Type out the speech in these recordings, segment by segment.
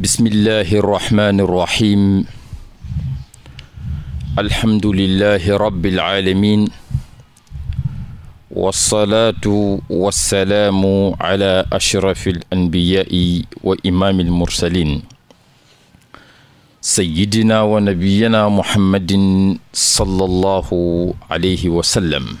bismillahi irrahmani irrahim alhamdulilahi rabbil aalamin walsalaatu walsalaamu ala ashrafi al anbiyaai wa imaami almursalin sayidina wa nabiyina muhammadin sallallahu alayhi wa sallam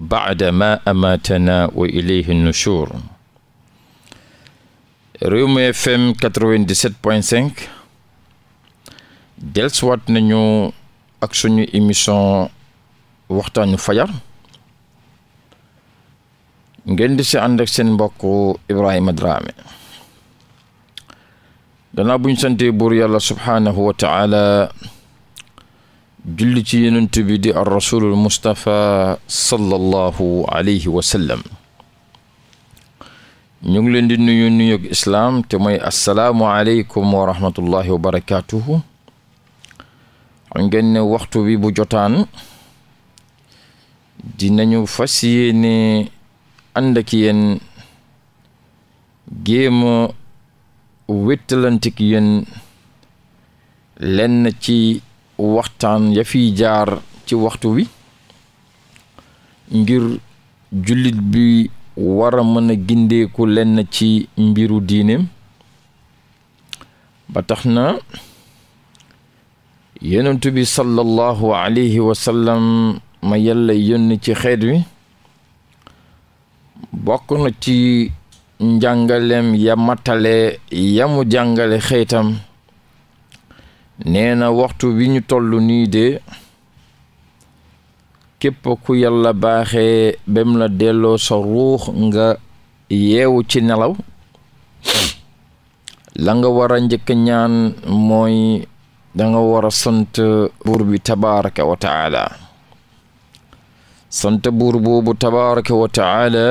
baada ma amatana wa ilayhi nushur Rewmi FM 97.5 dellusiwaat nañu ak suñu émission waxtaanu fajar ngeen di si ànd ak seen mbokk Ibrahima Dramé gannaaw buñ sante buur subhaanahu wa taala julli ci yonent di ar rasulul mustapha sallallahu alayhi wa sallam ñu ngi leen di nuyu nuyug islaam te mooy assalaamu aleykum wa rahmatullahi ngeen waxtu wi bu jotaan dinañu fas yéene ànd ak yéen géema wéttalantik yéen lenn ci waxtaan ya fiy jaar ci waxtu wi ngir jullit bi wara mën a gindeeku lenn ci mbiru diineem ba tax na yonent bi sallallahu alayhi wa ma yàlla yenn ci xeet wi bokk na ci njàngaleem ya matale ya mu jàngale xeetam neena waxtu wi ñu toll nii de képp ku yàlla baaxe bem na delloo sa ruux nga yeewu ci nelaw la nga war a njëkk ñaan mooy danga war a sant buur bi tabaraka wa taala sant buur boobu tabaraka wa taala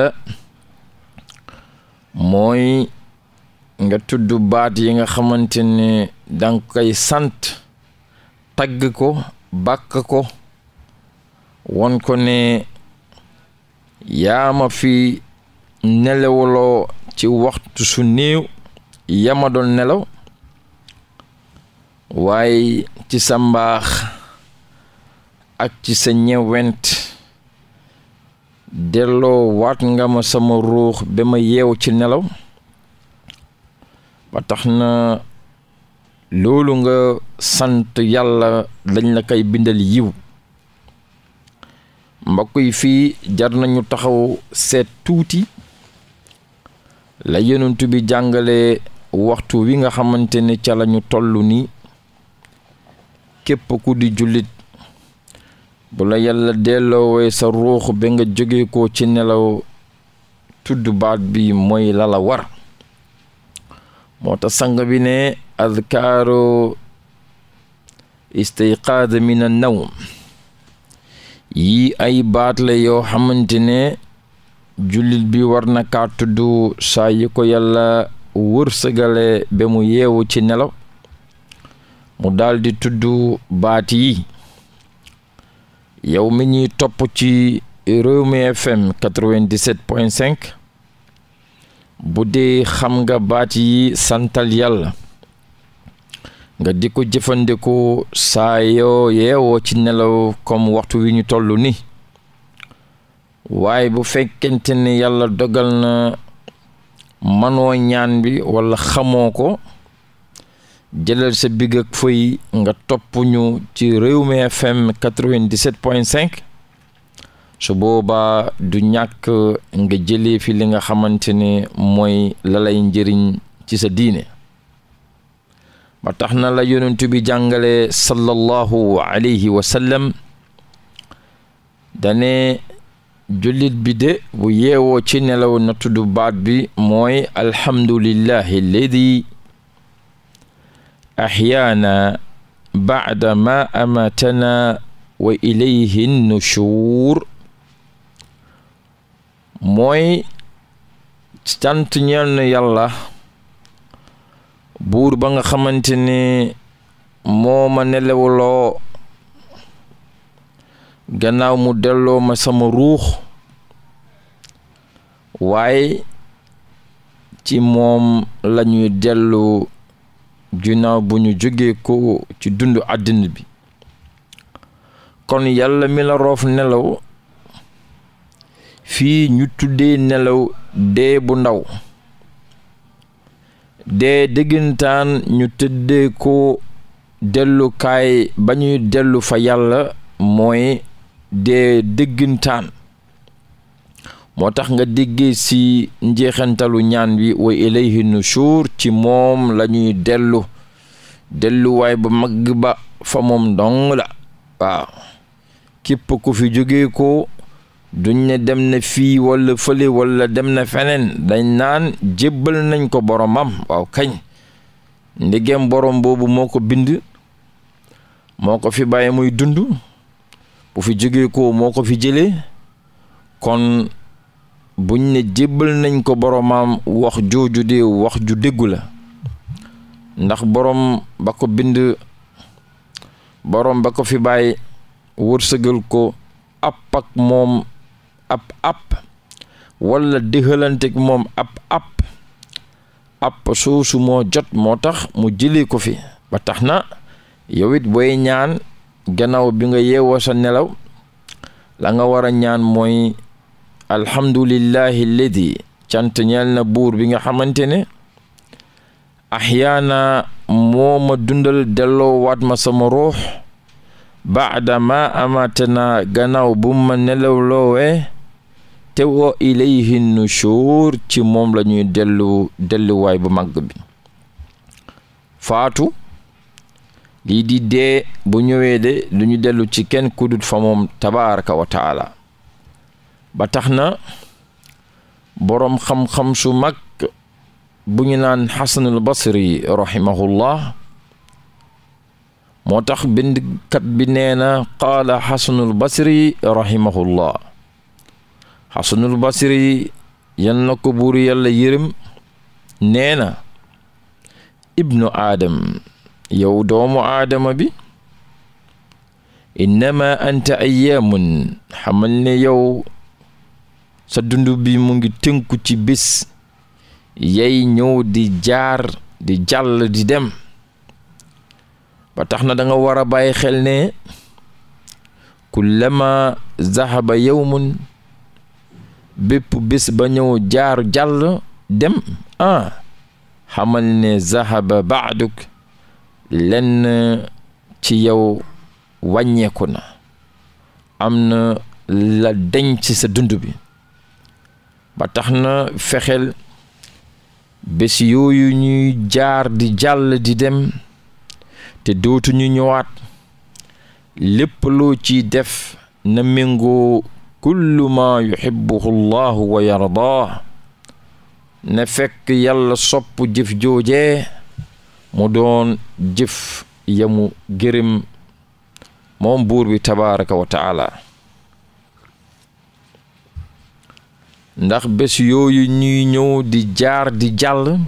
mooy nga tudd baat yi nga xamante ni danga koy sant tagg ko bàkk ko won ko ne yaa ma fi nelawloo ci waxtu su néew yaa nelaw waaye ci sa mbaax ak ci sa ñewent delloo waat nga ma sama ruux ba ma yeew ci nelaw ba tax na loolu nga sant yàlla dañ la koy bindal yiw mbokk yi fii jar nañu taxaw seet tuuti la yonent bi jàngale waxtu wi nga xamante ne ca lañu toll nii képp ku di jullit bu la yàlla delloowee sa ruux ba nga jóge ko ci nelaw tudd baat bi mooy lala war moo tax sang bi ne adkaaru istayqaad min an naw yii ay baat la yoo xamante ne jullit bi war na kaa tudd saa yi ko yàlla wërsëgale ba mu yeewu ci nelaw mu daldi tuddu baat yi yow mi ñuy topp ci Rewmi FM 97.5 bu dee xam nga baat yi santal yàlla nga di ko jëfandikoo saa yeewoo ci nelaw comme waxtu wi ñu toll ni waaye bu fekkente ne yàlla dogal na manoo ñaan bi walla xamoo ko jëlal sa big ak fëy nga topp ñu ci Rewmi FM 97.5 su du ñàkk nga jëlee fi li nga xamante ne mooy la lay njëriñ ci sa diine ba tax na la yonent bi jàngale sallallahu alayhi wa dane jullit bi de bu yeewoo ci nelaw na tudd baat bi mooy alhamdulillahi ladi axyaana baada ma amatana wa ilayhi nushuur mooy cant ñeel yàlla buur ba nga xamante ni mooma ma nelewuloo gannaaw mu delloo ma sama ruux waaye ci moom lañuy dellu ginnaaw bu ñu jógee ko ci dundu àddina bi kon yàlla mi la roof nelaw fii ñu tuddee nelaw dee bu ndaw dee dëggantaan ñu tëddee ko dellukaay ba ñuy dellu fa yàlla mooy dee dëggantaan moo tax nga déggee ci njeexantalu ñaan wi wa ilayhi nushur ci moom lañuy dellu delluwaay ba mag ba fa moom dong la waaw képp ku fi jóge ko duñ ne dem na fii walla fële walla dem na feneen dañ naan jébbal nañ ko boromam waaw kañ ndigem borom boobu moo ko bind moo ko fi bàyyi muy dund bu fi jógee ko moo ko fi jëlee kon buñ ne jébbal nañ ko boromam wax jooju de wax ju déggu la ndax borom ba ko bind borom ba ko fi bàyyi wërsëgal ko àpp ak moom ab ab wala dëxalanteeg moom ab ab ab soosu moo jot moo tax mu jëlee ko fi ba tax na yow it booy ñaan gannaaw bi nga yeewoo nelaw la nga war a ñaan mooy alhamdulillahi ledi cant ñeel na buur bi nga xamante ne axyaana moo ma dundal delloo waat ma sama ruux baada ma amatana gannaaw bu ma nelaw loowee te wa ilayhi nushur ci moom la ñuy dellu delluwaay bu màgg bi faatu lii di dee bu ñëwee de du ñu dellu ci kenn kudut fa moom tabaraka wa taala ba tax na boroom xam-xam su mag bu ñu naan xasanul basri rahimahullah moo tax bindkat bi nee na qaala xasanul basri rahimahullah xasanul basri yi yan na ko buur yalla yërëm nee na ibnu aadam yow doomu aadama bi innama anta ayyaamun xamal ne yow sa dund bi mu ngi tënku ci bis yay ñëw di jaar di jàll di dem ba tax na danga war a bàyyi xel ne ku kullama zahaba yawmun bépp bés ba ñëw jaar jàll dem ah xamal ne zahaba baaduk lenn ci yow wàññeeku na am na la denc sa dund bi ba tax na fexeel bés yooyu ñuy jaar di jàll di dem te dootuñu ñëwaat lépp loo ci def na méngoo kullu yu yuhibbuhu llahu wa yardaa ne fekk yàlla sopp jëf joojee mu doon jëf yamu gërëm moom buur bi tabaraka wa taala ndax bés yooyu ñuy ñëw di jaar di jàll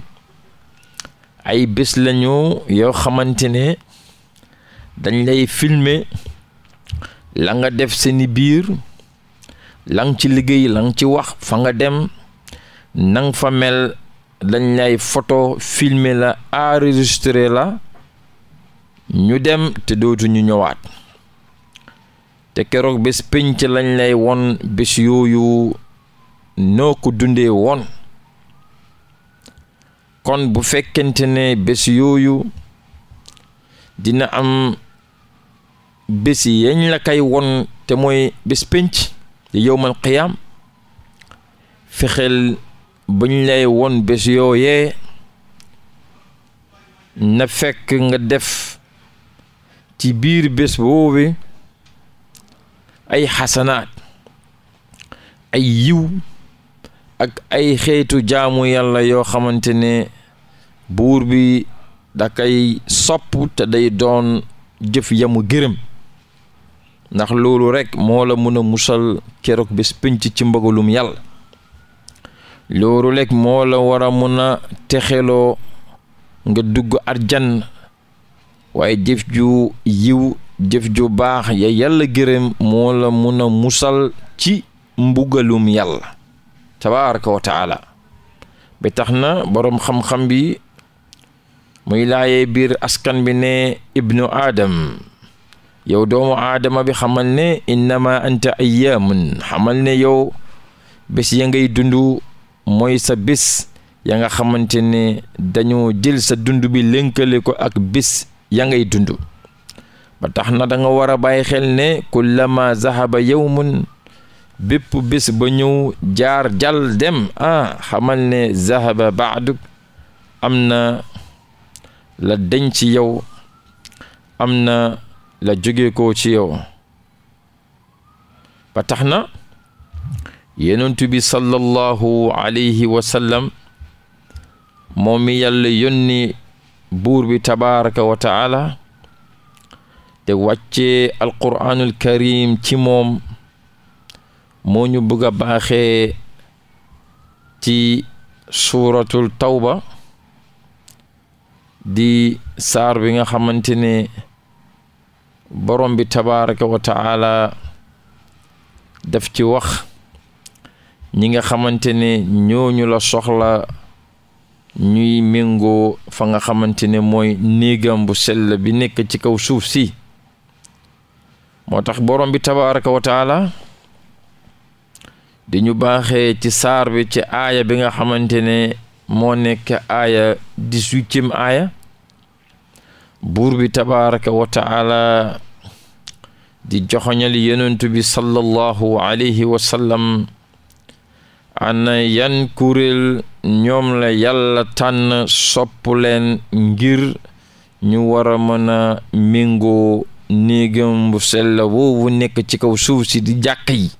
ay bés lañu yoo xamante ne dañ lay filme la nga def seeni biir lang ci liggéey lang ci wax fa nga dem nang fa mel dañ lay photo filmer la enregistrer la ñu dem te dootuñu ñëwaat te keroog bés pénc lañ lay won bés yooyu noo ko dundee woon kon bu fekkente ne bés yooyu dina am bés yañ la kay won te mooy bés pénc yowmal qiyaam fexeel bañ lay won bés yooyee na fekk nga def ci biir bés boobu ay xasanaat ay yiw ak ay xeetu jaamu yàlla yoo xamante ne buur bi da kay sopp te day doon jëf yamu gërëm ndax loolu rekk moo la mën a musal keroog bés pinc ci mbagalum yàlla loolu rekk moo la war a mën a texeloo nga dugg arjan waaye jëf ju yiw jëf ju baax ya yàlla gërëm moo la mun a musal ci mbugalum yàlla tabaaraka wa taala ba tax na boroom xam-xam bi muy laayee biir askan bi ne ibnu aadam yow doomu aadama bi xamal ne innama anta ayyamun xamal ne yow bés ya ngay dund mooy sa bés ya nga xamante ne dañoo jël sa dundu bi lënkale ko ak bés ya ngay dund ba tax na danga war a bàyyi xel ne kullama zahaba yawmun bépp bés ba ñëw jaar jal dem ah xamal ne zahaba baaduk am na la denc yow am na la jóge ko ci yow ba tax na yenentu bi sallallahu alayhi wa sallam moom mi yàlla yónni buur bi tabaraka wa taala te wàccee alquraanul karim ci moom moo ñu bëgg a baaxee ci suuratul tawba di saar bi nga xamante borom bi tabaraka wa def ci wax ñi nga xamante ne ñooñu la soxla ñuy méngoo fa nga xamante ne mooy néegam bu sell bi nekk ci kaw suuf si moo tax borom bi tabaraka wa taala ñu baaxee ci saar bi ci aaya bi nga xamante ne moo nekk aaya dix-huitième aaya buur bi tabaraka wa di joxoñal yonent bi sallallahu alayhi wa sallam ana yan kuréel ñoom la yàlla tànn sopp leen ngir ñu wara a mën a méngoo néegam bu sell woowu nekk ci kaw suuf si di jàkk yi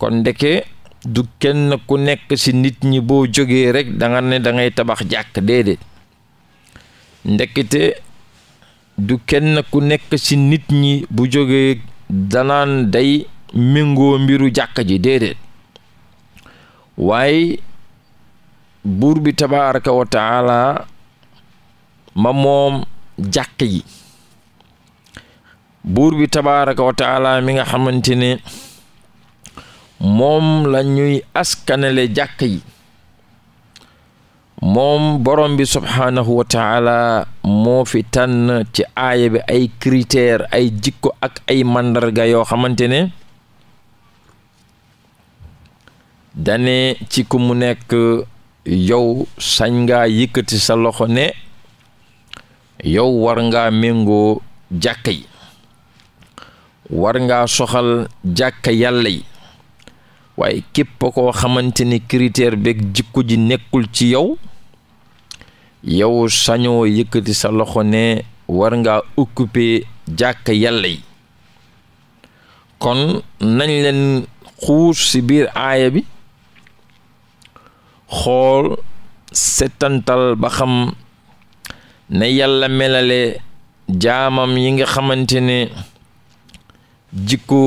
kon ndeke du kenn ku nekk ci nit ñi boo jogee rekk danga ne dangay tabax jàkk déedéet ndekete du kenn ku nekk ci nit ñi bu jógee danaan day méngoo mbiru jàkka ji déedéet waaye buur bi tabaaraka wa ma moom jàkk yi buur bi tabaaraka wa mi nga xamante ne moom la ñuy askanale jàkk yi moom borom bi subhaanahu wa moo fi tànn ci aaya bi ay critère ay jikko ak ay màndarga yoo xamante ne dane ci ku mu nekk yow sañ ngaa yëkkati sa loxo ne yow war nga méngoo jàkka yi war ngaa soxal jàkka yàlla yi waaye képp koo xamante ni critère beeg jikko ji nekkul ci yow yow sañoo yëkkati sa loxo ne war ngaa occuper jàkk yàlla yi kon nañ leen xuus ci biir aaya bi xool setantal ba xam na yàlla melale jaamam yi nga xamante jikko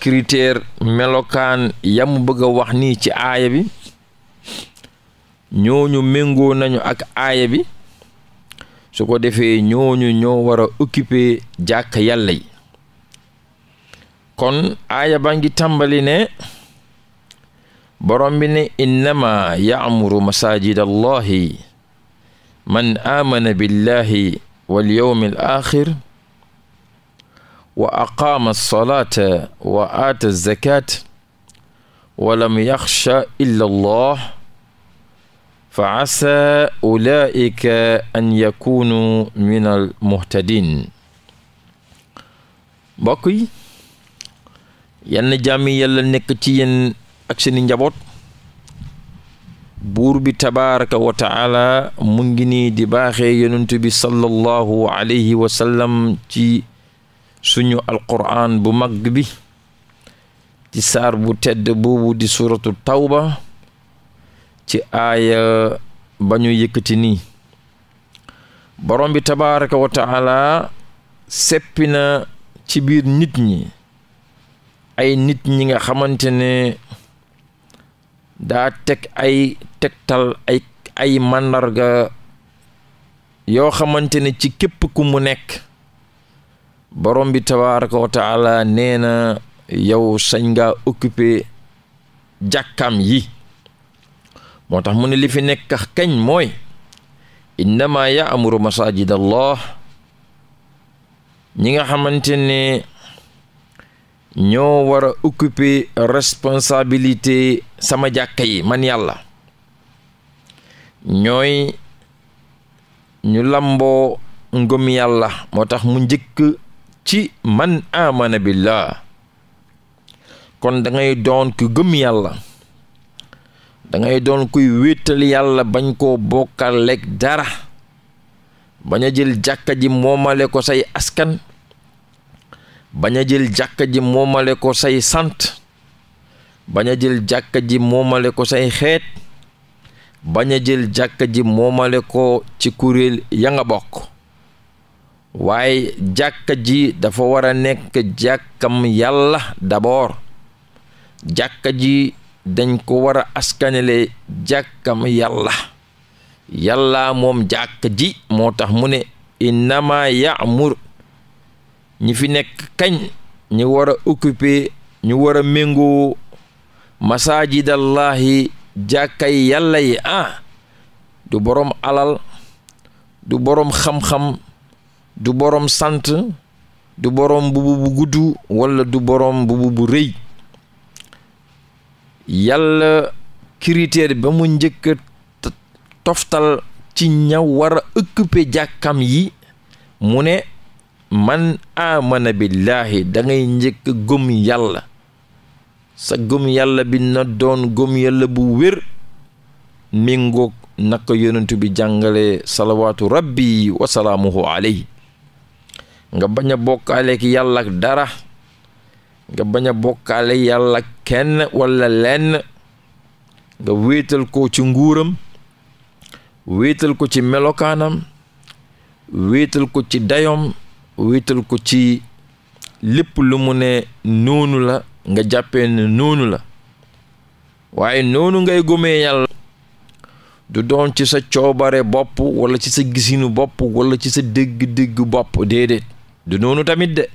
critère melokaan yamu bëgg a wax nii ci aaya bi ñooñu méngoo nañu ak aaya bi su ko defee ñooñu ñoo war a occuper jàkk yàlla yi kon aaya ba ngi tàmbali ne borom bi ne innama yaamuru masajid man aamana billahi wal yawmil axir aqam aqaama alsolata wa aata zakat wa lam yaxcha illa allah fa asa ulaika an yakunu min al muhtadin mbokk yi yenn jàmmi yàlla nekk ci yéen ak seeni njaboot buur bi tabaraka wa mu ngi nii di baaxe yonent bi sallallahu alayhi wa ci suñu alquraan bu mag bi ci saar bu tedd boobu di taw ba ci aaya ba ñu yëkkati nii borom bi tabaraka wa seppi na ci biir nit ñi ay nit ñi nga xamante ne daa teg ay tegtal ay màndarga yoo xamante ne ci képp ku mu nekk borom bi tabaraka nee na yow sañ nga occupé jàkkam yi moo tax mu ne li fi nekk kañ mooy innama yaamuru masajid allah ñi nga xamante ne ñoo war a occuper responsabilité sama jàkka yi man yàlla ñooy ñu lamboo ngëm yàlla moo tax mu njëkk ci man amana billah kon dangay ngay doon ku gëm yàlla dangay doon kuy wéetal yàlla bañ koo bokkaaleeg dara bañ a jël jàkka ji moomale ko say askan bañ a jël jàkka ji moomale ko say sant bañ a jël jàkka ji moomale ko say xeet bañ a jël jàkka ji moomale ko ci kuréel ya nga bokk waaye jàkka ji dafa war a nekk jàkkam yàlla d'abord jàkka ji dañ ko war a askanele jàkkam yàlla yàlla moom jàkka ji moo tax mu ne innama yaamur ñi fi nekk kañ ñi war a occuper ñu war a méngoo masajidallahi jàkkay yàlla yi ah du boroom alal du boroom xam-xam du boroom sant du boroom mbubu bu gudd walla du boroom mbubu bu rëy yàlla critère ba mu njëkk toftal ci ñaw wara a occuper jàkkam yi mu ne man amana billaahi da ngay njëkk gom yàlla sa gëm yàlla bi na doon gëm yàlla bu wér méngoog naka yonentu bi jàngale salawaatu rabbi wa salaamuhu nga bañ a bokkaale ki yàlla dara nga bañ a bokkaale yàlla kenn walla lenn nga wéetal ko ci nguuram wéetal ko ci melokaanam wéetal ko ci dayom wéetal ko ci lépp lu mu ne noonu la nga jàppee ne noonu la waaye noonu ngay gomee yàlla du doom ci sa coobare bopp walla ci sa gisinu bopp walla ci sa dégg-dégg bopp déedéet du noonu tamit de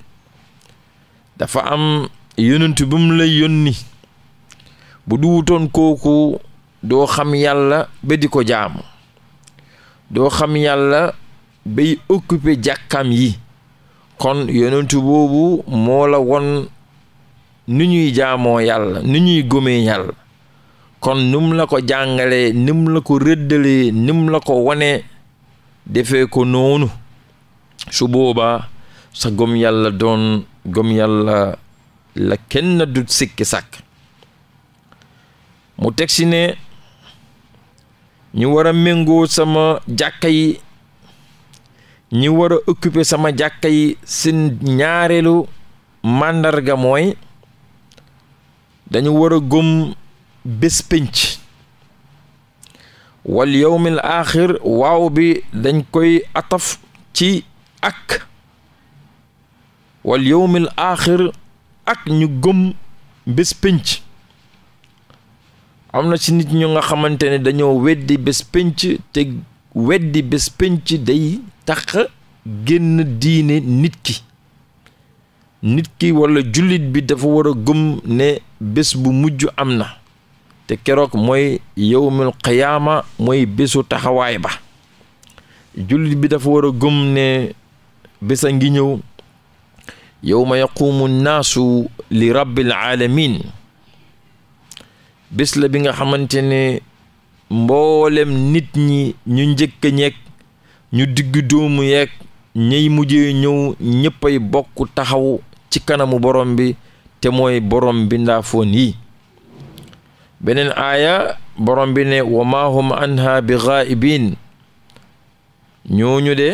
dafa am yonent bu mu lay yónni bu du kooku doo xam yàlla ba di ko jaamu doo yàlla bay occuper jàkkaam yi kon yonentu boobu moo la won nu ñuy jaamoo yàlla nu ñuy gëmee yàlla kon num la ko jàngalee num la ko rëddalee num la ko wone defee ko noonu su boobaa sa gom yàlla doon gom yàlla la kenn du sikki sàkk mu teg si ne ñi war a méngoo sama jàkka yi ñi war a occuper sama jàkka yi seen ñaareelu màndarga mooy dañu war a gëm bés pénc wal yowmil axir waaw bi dañ koy ataf ci ak wal yowmil aaxir ak ñu gëm bés pénc am na ci nit ñu nga xamante ne dañoo weddi bés pénc te weddi bés pénc day tax génn diine nit ki nit ki walla jullit bi dafa war a gëm ne bés bu mujj am na te keroog mooy yowmul qiyaama mooy bésu taxawaay ba jullit bi dafa war a gëm ne bés a ngi ñëw yowma yaquumu naasu li rabbil aalamin bés la bi nga xamante ne mboolem nit ñi ñu njëkk ñeeg ñu digg doomu yeeg ñey mujjee ñëw ñëppay bokk taxaw ci kanamu borom bi te mooy borom bi ndaafoon yi beneen aaya borom bi ne wa maa hum anha bi ghaa'ibin ñooñu de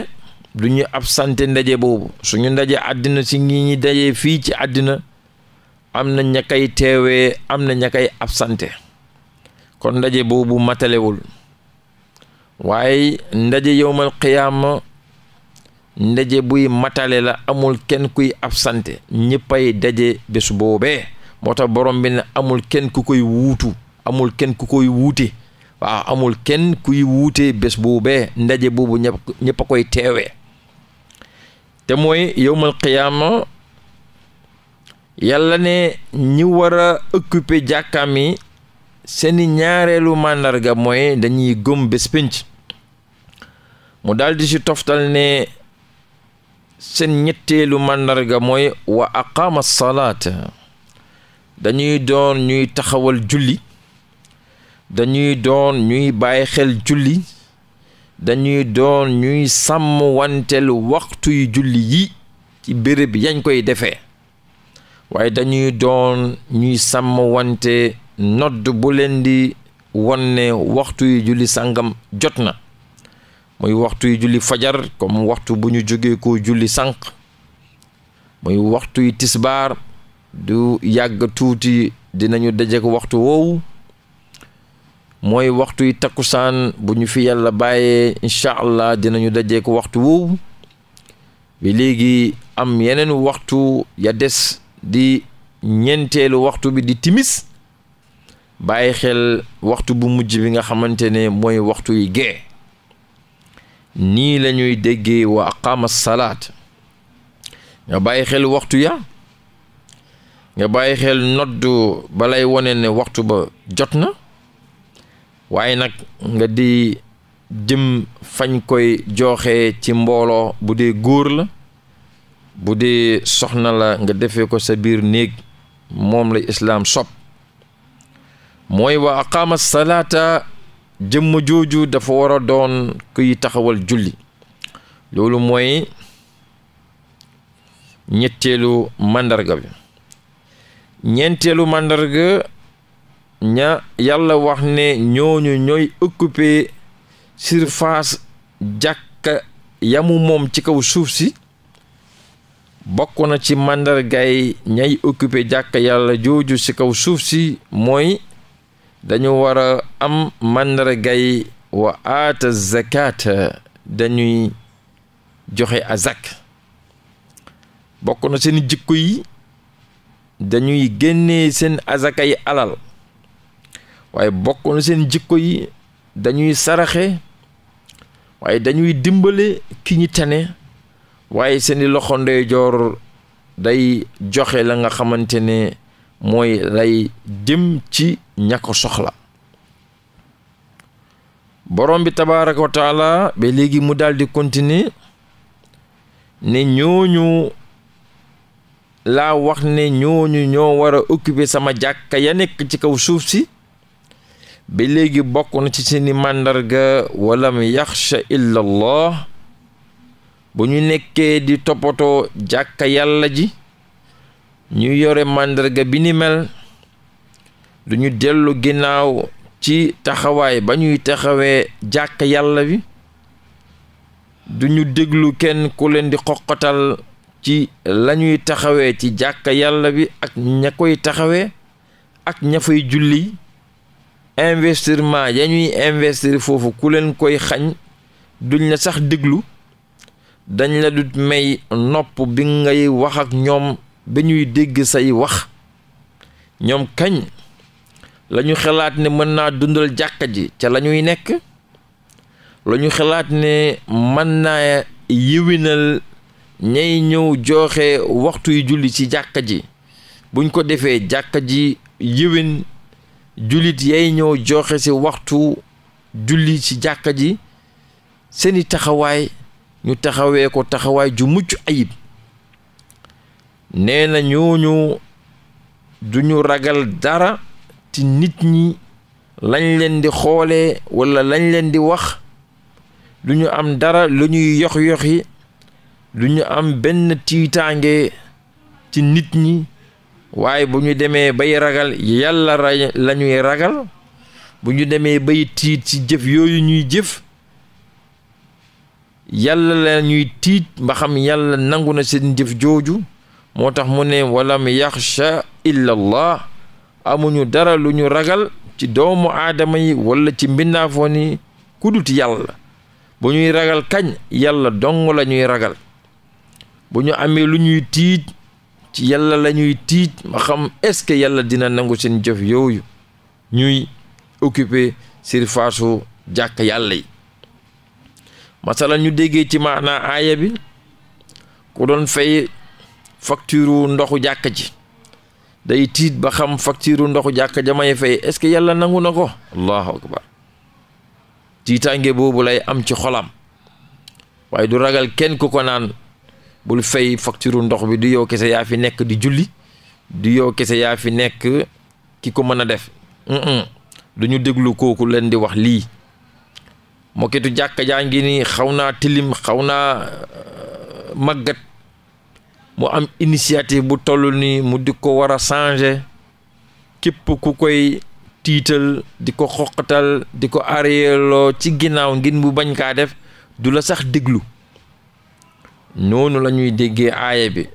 du ñu absente ndaje boobu suñu ndaje àddina si ngi ñi daje fii ci àddina am na ña kay teewee am na ña kay absente kon ndaje boobu matalewul waaye ndaje yowmal qiyaama ndaje buy matale la amul kenn kuy absente ñëppay daje bés boobee moo tax borom bi ne amul kenn ku koy wuutu amul kenn ku koy wuute waaw amul kenn kuy wuute bés boobee ndaje boobu ñëpp koy teewee te mooy yowmal qiyaama yàlla ne ñi war a occuper jàkkaam yi seeni ñaareelu màndarga mooy dañuy gëm bés mu daldi ci toftal ne seen ñetteelu màndarga mooy wa aqaama salaat dañuy doon ñuy taxawal julli dañuy doon ñuy bàyyi xel julli dañuy doon ñuy sàmm wanteel waxtu yu julli yi ci bërëb yañ koy defee waaye dañuy doon ñuy sàmm wante nodd bu leen di wonne waxtu yu julli sàngam jot na muy waxtu yu julli fajar comme waxtu bu ñu jógee koo julli sànq muy waxtu yu tisbaar du yàgg tuuti dinañu daje ko waxtu woowu mooy waxtu yi takkusaan bu ñu fi yàlla bàyyee incha allah dinañu dajeek waxtu woowu bi léegi am yeneen waxtu ya des di ñenteelu waxtu bi di timis bàyyi xel waxtu bu mujj bi nga xamante ne mooy waxtu yi gee nii lañuy déggee wa aqaama salaat nga bàyyi xel waxtu ya nga bàyyi xel nodd balay wone ne waxtu ba jot na waaye nag nga di jëm fañ koy jooxee ci mbooloo bu dee góor la bu dee soxna la nga defe ko sa biir néeg moom la islaam sob mooy wa aqaama salaata jëmm jooju dafa war a doon kuy taxawal julli loolu mooy ñetteelu màndarga bi ñeenteelu màndarga ña yàlla wax ne ñooñu ñooy occuper surface jàkka yamu moom ci kaw suuf si bokk na ci màndargaay ñay occuper jàkka yàlla jooju ci kaw suuf si mooy dañu war a am màndargaay wa aata zakata dañuy joxe azak bokk na seen jikko yi dañuy génne seen azakay alal waaye bokk seen jikko yi dañuy saraxe waaye dañuy dimbale ki ñu tane waaye seeni loxo ndeyjoor day joxe la nga xamante ne mooy lay jëm ci ña ko soxla borom bi tabaaraka wa léegi mu daldi di continuer ne ñooñu laa wax ne ñooñu ñoo wara a sama jàkk ya nekk ci kaw suuf si bi léegi bokk na ci seeni màndarga walam yaxsha illa bu ñu nekkee di toppatoo jàkk yàlla ji ñu yore màndarga bi ni mel du ñu dellu ginnaaw ci taxawaay ba ñuy taxawee jàkka yàlla bi du ñu déglu kenn ku leen di xoqatal ci lañuy taxawee ci jàkk yàlla bi ak ña koy taxawee ak ña fay julli investissement ya ñuy investir foofu ku leen koy xañ duñ la sax déglu dañ la du may nopp bi ngay wax ak ñoom ba ñuy dégg say wax ñoom kañ la ñu xalaat ne mën naa dundal jàkka ji ca la ñuy nekk la ñu xalaat ne mën naa yiwinal ñay ñëw joxe waxtu julli ci jàkka ji buñ ko defee jàkka ji yiwin jullit yay ñëw joxe ci waxtu julli ci jàkka ji seeni taxawaay ñu taxawee ko taxawaay ju mucc ayib nee na ñooñu duñu ragal dara ci nit ñi lañ leen di xoole walla lañ leen di wax lu ñu am dara lu ñuy yox yoxi du ñu am benn tiitaange ci nit ñi waaye bu ñu demee bay ragal yàlla la ñuy ragal bu ñu demee bay tiit ci jëf yooyu ñuy jëf yàlla la ñuy tiit mba xam yàlla nangu na seen jëf jooju moo tax mu ne walla walam yaxsha illa allah amuñu dara lu ñu ragal ci doomu aadama yi wala ci mbindaafoon yi kudut yàlla bu ñuy ragal kañ yàlla dong lañuy ragal bu ñu amee lu ñuy tiit ci yàlla lañuy tiit ma xam est-ce que yàlla dina nangu seen jëf yooyu ñuy occuper surface u jàkk yàlla yi masala ñu déggee ci maanaa aaya bi ku doon fay facture ndoxu jàkk ji day tiit ba xam facture ndoxu jàkk jamay fay est-ce yàlla nangu na ko allahu akbar tiitaange boobu lay am ci xolam waaye du ragal kenn ku ko naan bul fay facture ndox bi du yow kese yaa fi nekk di julli du yow kese yaa fi nekk ki ko mën a def du ñu déglu kooku leen di wax lii mokkitu jàkka jaa ngi ni xaw naa tilim xaw naa euh, màggat mu am initiative bu toll nii mu di ko war a changer képp ku koy tiital di ko xoqatal di ko areeloo ci ginnaaw ngir mu bañ kaa def du la sax déglu noonu la ñuy déggee aaya bi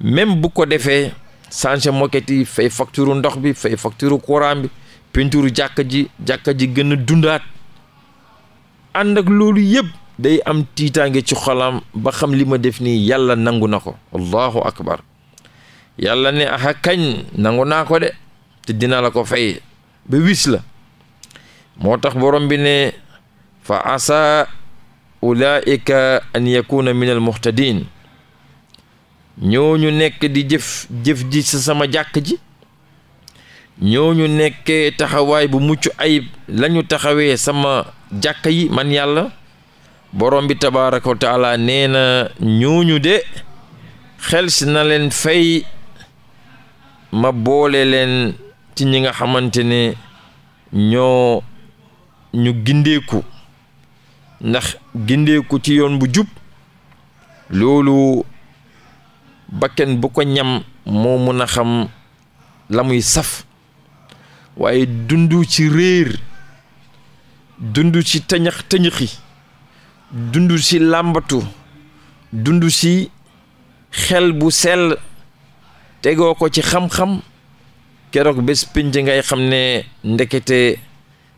même bu ko defee changer moquette yi fay facture ndox bi fay facture courant bi peinture jàkka ji jàkka ji gën dundaat ànd ak loolu yëpp day am tiitaange ci xolam ba xam lima def nii yàlla nangu na ko allahu akbar yàlla ne aha kañ nangu naa ko de te dina la ko fay ba wis moo tax borom bi ne fa asa ulaika an yakuna min al ñooñu nekk di jëf jëf ji sa sama jàkk ji ñooñu nekkee taxawaay bu mucc ayib lañu taxawee sama jàkk yi man yàlla borom bi tabaaraka wa taala nee na ñooñu de xel si na leen fay ma boole leen ci ñi nga xamante ne ñoo ñu gindeeku ndax gindee ko ci yoon bu jub loolu bakken bu ko ñam moo mun a xam lamuy saf waaye dund ci réer dund ci tëñëx tëñëxi dundu ci làmbatu dundu ci xel bu sell tegoo ko ci xam-xam keroog bés pénc ngay xam ne ndekete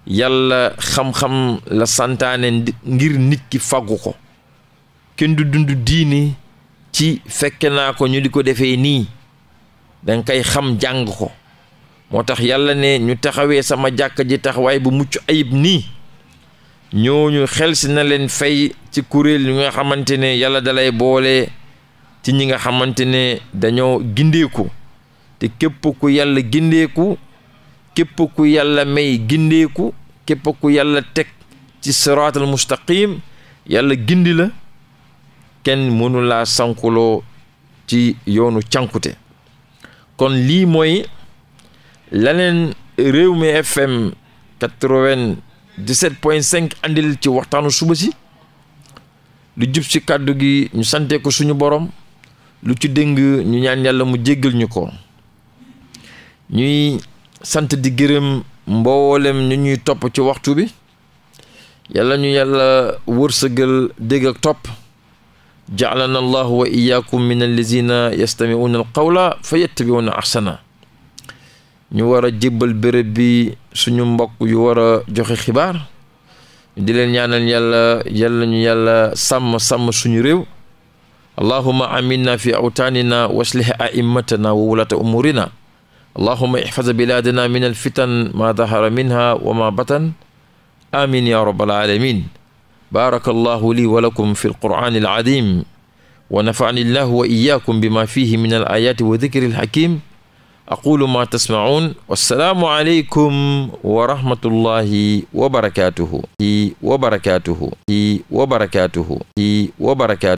yàlla xam-xam la santaane ngir nit ki faggu ko kenn du dund diini ci fekke naa ko ñu di ko defee nii danga koy xam jàng ko moo tax yàlla ne ñu taxawee sama jàkk ji taxawaay bu mucc ayib nii ñooñu xel si na leen fay ci kuréel yi nga xamante ne yàlla dalay boole ci ñi nga xamante ne dañoo gindeeku te képp ku yàlla gindeeku képp ku yàlla may gindeeku képp ku yàlla teg ci siraatal mustaqim yàlla gindi la kenn mënu laa sankuloo ci yoonu cànkute kon lii mooy laneen réew mi fm 97 point 5 andil ci waxtaanu suba si lu jub ci kàddu gi ñu sante suñu borom lu ci dëng ñu ñaan yàlla mu jéggal ñu ko ñuy sant di gërëm mboolem ñu ñuy topp ci waxtu bi yàlla ñu yàlla wërsëgal dégg topp jaalana allahu wa iyaakum min allazina yastamiuuna alqawla fa yattabiuuna ahsana ñu war a jébbal béréb bi suñu mbokk yu war a joxe xibaar di leen ñaanal yàlla yàlla ñu yàlla sàmm sama suñu réew allahuma aminna fi awtaanina waslih aimmatana wa wulata umurina allahuma ihfaz biladana min alfitan ma dahara minha wa ma batan amin ya rabbal alamin baraka allahu li wa lakum fi alqur'ani aladim wa nafa'ani allahu wa iyyakum bima fihi min alayati wa dhikri alhakim aqulu ma tasma'un wassalaamu aleykum wa rahmatullahi wa barakatuhu i wa barakatuhu i wa barakatuhu i wa barakatuhu